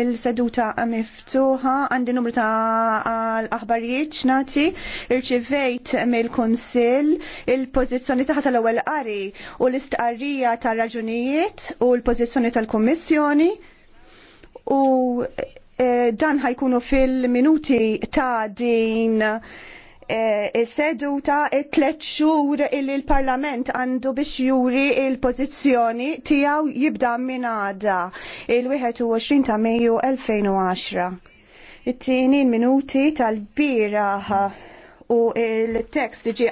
il-seduta miftuħa għandi numru ta' aħbarijiet xnati irċivejt mill-Kunsill il-pożizzjoni tagħha l-ewwel qari u l-istqarrija tar raġunijiet u l-pożizzjoni tal-Kummissjoni u eh, dan ħajkunu fil-minuti ta' din Eh, seduta tlet xhur illi l-Parlament għandu biex juri il-pożizzjoni tiegħu jibda minn għada il-21 ta' Mejju 2010. It-tieni minuti tal-biraħ u il-tekst li ġie